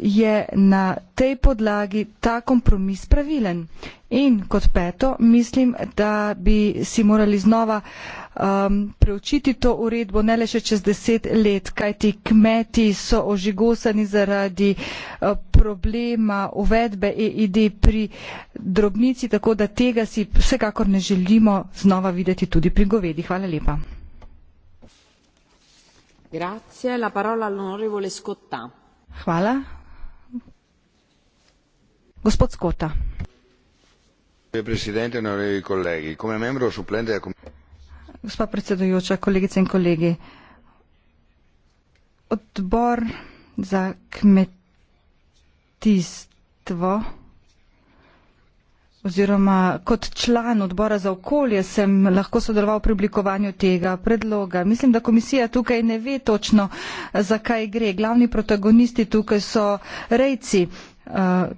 je na tej podlagi ta kompromis pravilen. In kot peto, mislim, da bi si morali znova um, preučiti to uredbo ne le še čez deset let, kajti kmeti so ožigosani zaradi uh, problema uvedbe EID pri drobnici, tako da tega si vsekakor ne želimo znova videti tudi pri govedi. Hvala lepa. Grazie, la parola all'onorevole Scotta. Hvala gospa predsedujoča kolegice in kolegi odbor za kmetijstvo oziroma kot član odbora za okolje sem lahko sodeloval pri oblikovanju tega predloga mislim da komisija tukaj ne ve točno zakaj gre glavni protagonisti tukaj so rejci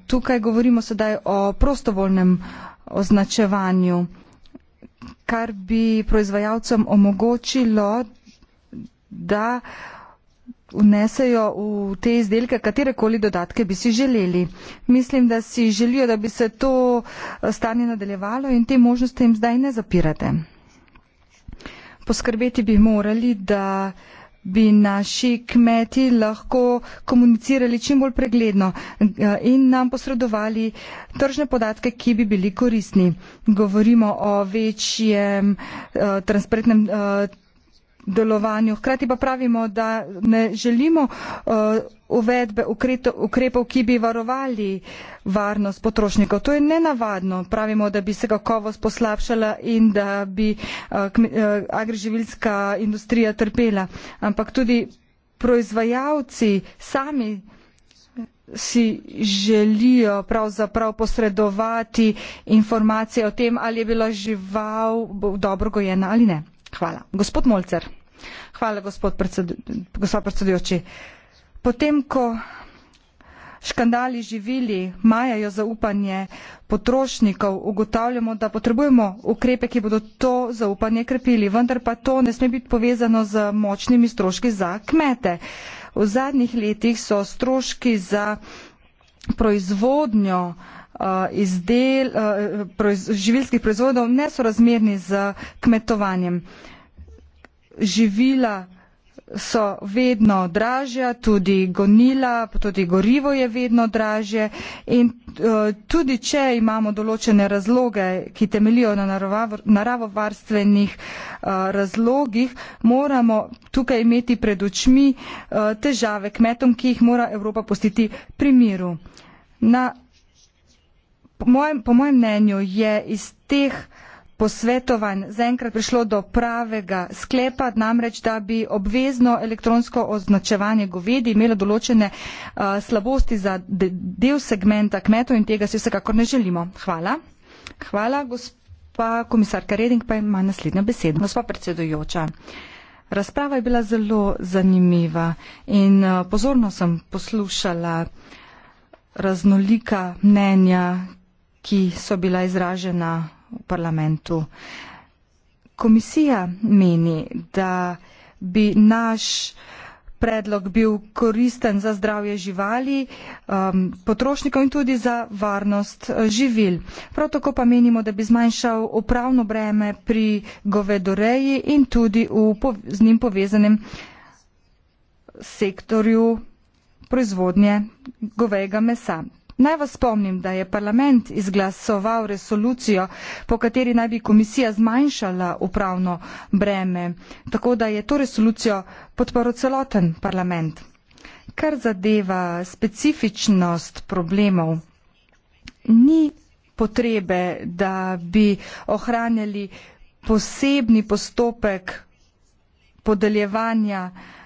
tukaj govorimo sedaj o prostovoljnem označevanju, kar bi proizvajalcem omogočilo, da vnesejo v te izdelke katerekoli dodatke bi si želeli. Mislim, da si želijo, da bi se to eh, stanje nadaljevalo in te možnosti jim zdaj ne zapirate. Poskrbeti bi morali, da uh, bi naši kmeti lahko komunicirali čim bolj pregledno eh, in nam posredovali tržne podatke, ki bi bili koristni. Govorimo o večjem eh, transparentnem eh, delovanju. Hkrati pa pravimo, da ne želimo uh, uvedbe ukrepov, ki bi varovali varnost potrošnikov. To je nenavadno. Pravimo, da bi se kakovost poslabšala in da bi uh, uh, agriživilska industrija trpela. Ampak tudi proizvajalci sami si želijo pravzaprav posredovati informacije o tem, ali je bila žival dobro gojena ali ne. Hvala. Gospod Molcer. Hvala, gospod predsedu, gospod predsedujoči. Potem, ko škandali živili majajo zaupanje potrošnikov, ugotavljamo, da potrebujemo ukrepe, ki bodo to zaupanje krepili, vendar pa to ne sme biti povezano z močnimi stroški za kmete. V zadnjih letih so stroški za proizvodnjo uh, Eh, izdel, eh, živilskih proizvodov nesorazmerni z kmetovanjem. Živila so vedno dražja, tudi gonila, tudi gorivo je vedno dražje in eh, tudi če imamo določene razloge, ki temelijo na naravovarstvenih razlogih, moramo tukaj imeti pred očmi težave kmetom, ki jih mora Evropa postiti pri miru. Na po mojem, po mojem mnenju je iz teh posvetovanj zaenkrat prišlo do pravega sklepa, namreč da bi obvezno elektronsko označevanje govedi imelo določene uh, slabosti za de del segmenta kmetov in tega si vsekakor ne želimo. Hvala. Hvala, gospa komisarka Reding, pa ima naslednjo besedo. Gospa predsedujoča. Razprava je bila zelo zanimiva in pozorno sem poslušala raznolika mnenja, ki so bila izražena v parlamentu. Komisija meni, da bi naš predlog bil koristen za zdravje živali, um, potrošnikov in tudi za varnost uh, živil. Prav tako pa menimo, da bi zmanjšal upravno breme pri govedoreji in tudi v z njim povezanem sektorju proizvodnje govejega mesa. Naj vas spomnim, da je parlament izglasoval resolucijo, po kateri naj bi komisija zmanjšala upravno breme, tako da je to resolucijo podporil celoten parlament. Kar zadeva specifičnost problemov, ni potrebe, da bi ohranjali posebni postopek podeljevanja uh,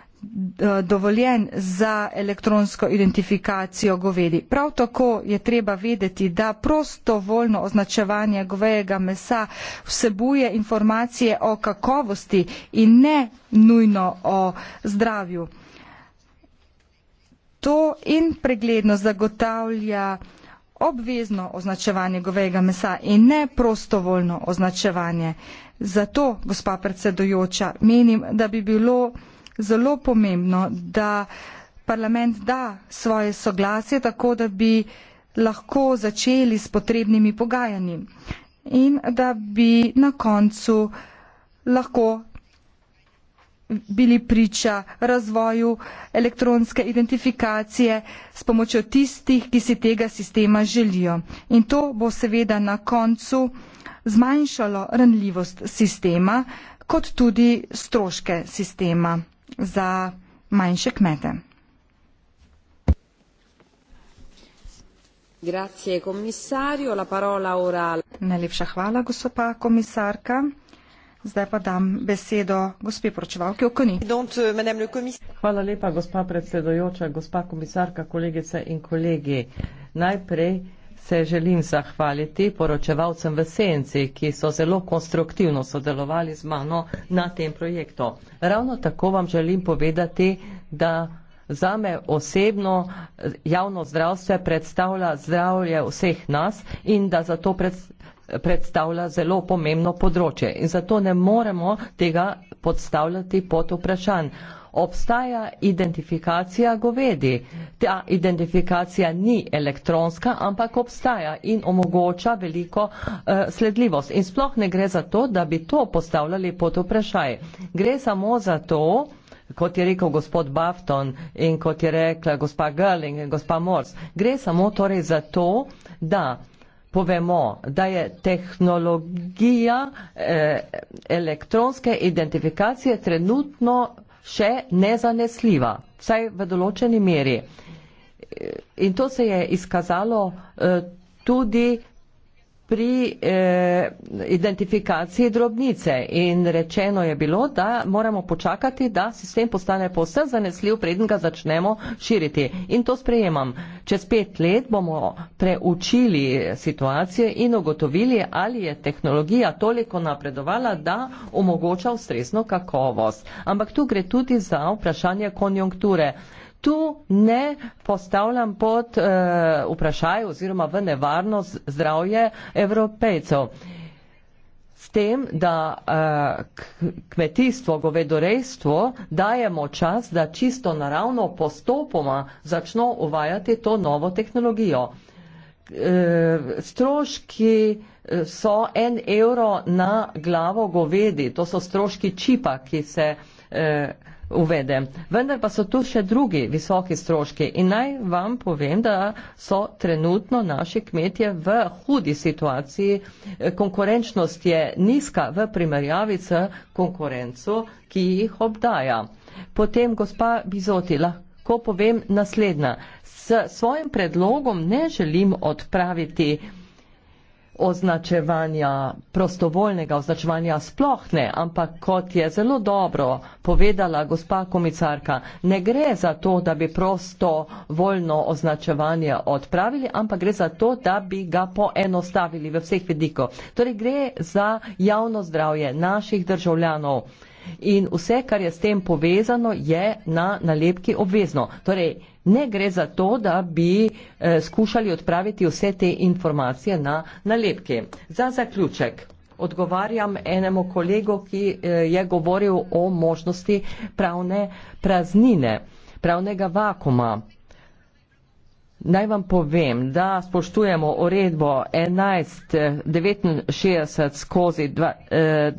Eh, dovoljen za elektronsko identifikacijo govedi. Prav tako je treba vedeti, da prostovoljno označevanje govejega mesa vsebuje informacije o kakovosti in ne nujno o zdravju. To in pregledno zagotavlja obvezno označevanje govejega mesa in ne prostovoljno označevanje. Zato, gospa predsedujoča, menim, da bi bilo zelo pomembno, da parlament da svoje soglasje, tako da bi lahko začeli s potrebnimi pogajanji in da bi na koncu lahko bili priča razvoju elektronske identifikacije s pomočjo tistih, ki si tega sistema želijo. In to bo seveda na koncu zmanjšalo ranljivost sistema kot tudi stroške sistema za manjše kmete. Najlepša hvala, gospa komisarka. Zdaj pa dam besedo gospe poročevalke Okoni. Uh, hvala lepa, gospa predsedojoča, gospa komisarka, kolegice in kolegi. Najprej se želim zahvaliti poročevalcem v Senci, ki so zelo konstruktivno sodelovali z mano na tem projektu. Ravno tako vam želim povedati, da za me osebno javno zdravstvo predstavlja zdravje vseh nas in da zato predstavlja zelo pomembno področje. In zato ne moremo tega podstavljati pod vprašanje obstaja identifikacija govedi. Ta identifikacija ni elektronska, ampak obstaja in omogoča veliko uh, sledljivost. In sploh ne gre za to, da bi to postavljali pod vprašaj. Gre samo za to, kot je rekel gospod Bafton in kot je rekla gospa Gerling in gospa Mors, gre samo torej za to, da povemo, da je tehnologija eh, elektronske identifikacije trenutno še nezanesljiva, vsaj v določeni meri. In to se je izkazalo eh, tudi pri eh, identifikaciji drobnice in rečeno je bilo, da moramo počakati, da sistem postane povsem zanesljiv, preden ga začnemo širiti. In to sprejemam. Čez pet let bomo preučili situacijo in ugotovili, ali je tehnologija toliko napredovala, da omogoča ustrezno kakovost. Ampak tu gre tudi za vprašanje konjunkture tu ne postavljam pod uh, vprašaj oziroma v nevarnost zdravje evropejcev. S tem, da uh, kmetijstvo, govedorejstvo dajemo čas, da čisto naravno postopoma začno uvajati to novo tehnologijo. Uh, stroški so en evro na glavo govedi, to so stroški čipa, ki se uh, uvede. Vendar pa so tu še drugi visoki stroški in naj vam povem, da so trenutno naši kmetje v hudi situaciji. Konkurenčnost je nizka v primerjavi s konkurenco, ki jih obdaja. Potem gospa Bizotila, ko povem naslednja, s svojim predlogom ne želim odpraviti označevanja prostovoljnega označevanja sploh ne, ampak kot je zelo dobro povedala gospa komicarka, ne gre za to, da bi prostovoljno označevanje odpravili, ampak gre za to, da bi ga poenostavili v vseh vidikov. Torej gre za javno zdravje naših državljanov in vse, kar je s tem povezano, je na nalepki obvezno. Torej, ne gre za to, da bi eh, skušali odpraviti vse te informacije na nalepki. Za zaključek. Odgovarjam enemu kolegu, ki eh, je govoril o možnosti pravne praznine, pravnega vakuma. Naj vam povem, da spoštujemo uredbo 1169 skozi 2011. Eh,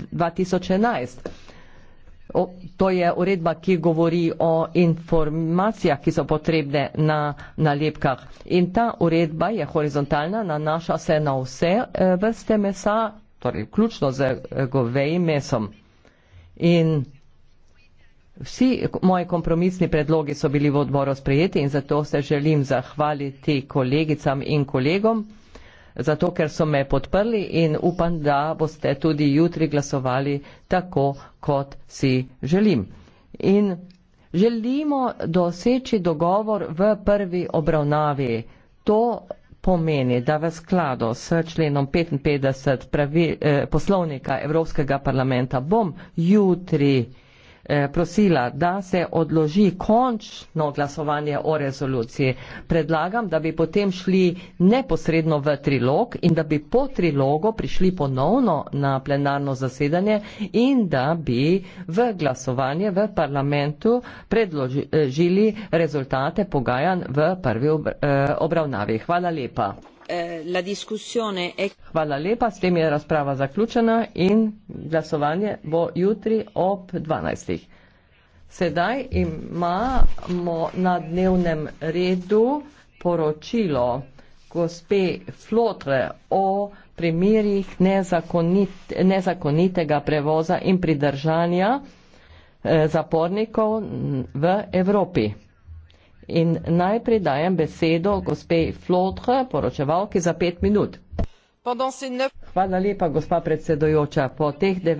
O, to je uredba, ki govori o informacijah, ki so potrebne na nalepkah. In ta uredba je horizontalna, nanaša se na vse eh, vrste mesa, torej ključno z eh, govejim mesom. In vsi moji kompromisni predlogi so bili v odboru sprejeti in zato se želim zahvaliti kolegicam in kolegom zato ker so me podprli in upam, da boste tudi jutri glasovali tako, kot si želim. In želimo doseči dogovor v prvi obravnavi. To pomeni, da v skladu s členom 55 pravi, eh, poslovnika Evropskega parlamenta bom jutri Eh, prosila, da se odloži končno glasovanje o rezoluciji. Predlagam, da bi potem šli neposredno v trilog in da bi po trilogu prišli ponovno na plenarno zasedanje in da bi v glasovanje v parlamentu predložili rezultate pogajanj v prvi eh, obravnavi. Hvala lepa. Eh, la discussione è... Hvala lepa, s tem je razprava zaključena in glasovanje bo jutri ob 12. Sedaj imamo na dnevnem redu poročilo gospe Flotre o primerjih nezakonit, nezakonitega prevoza in pridržanja eh, zapornikov v Evropi. In najprej dajem besedo gospe Flotre, poročevalki za pet minut. Hvala lepa, gospa predsedojoča. Po teh devet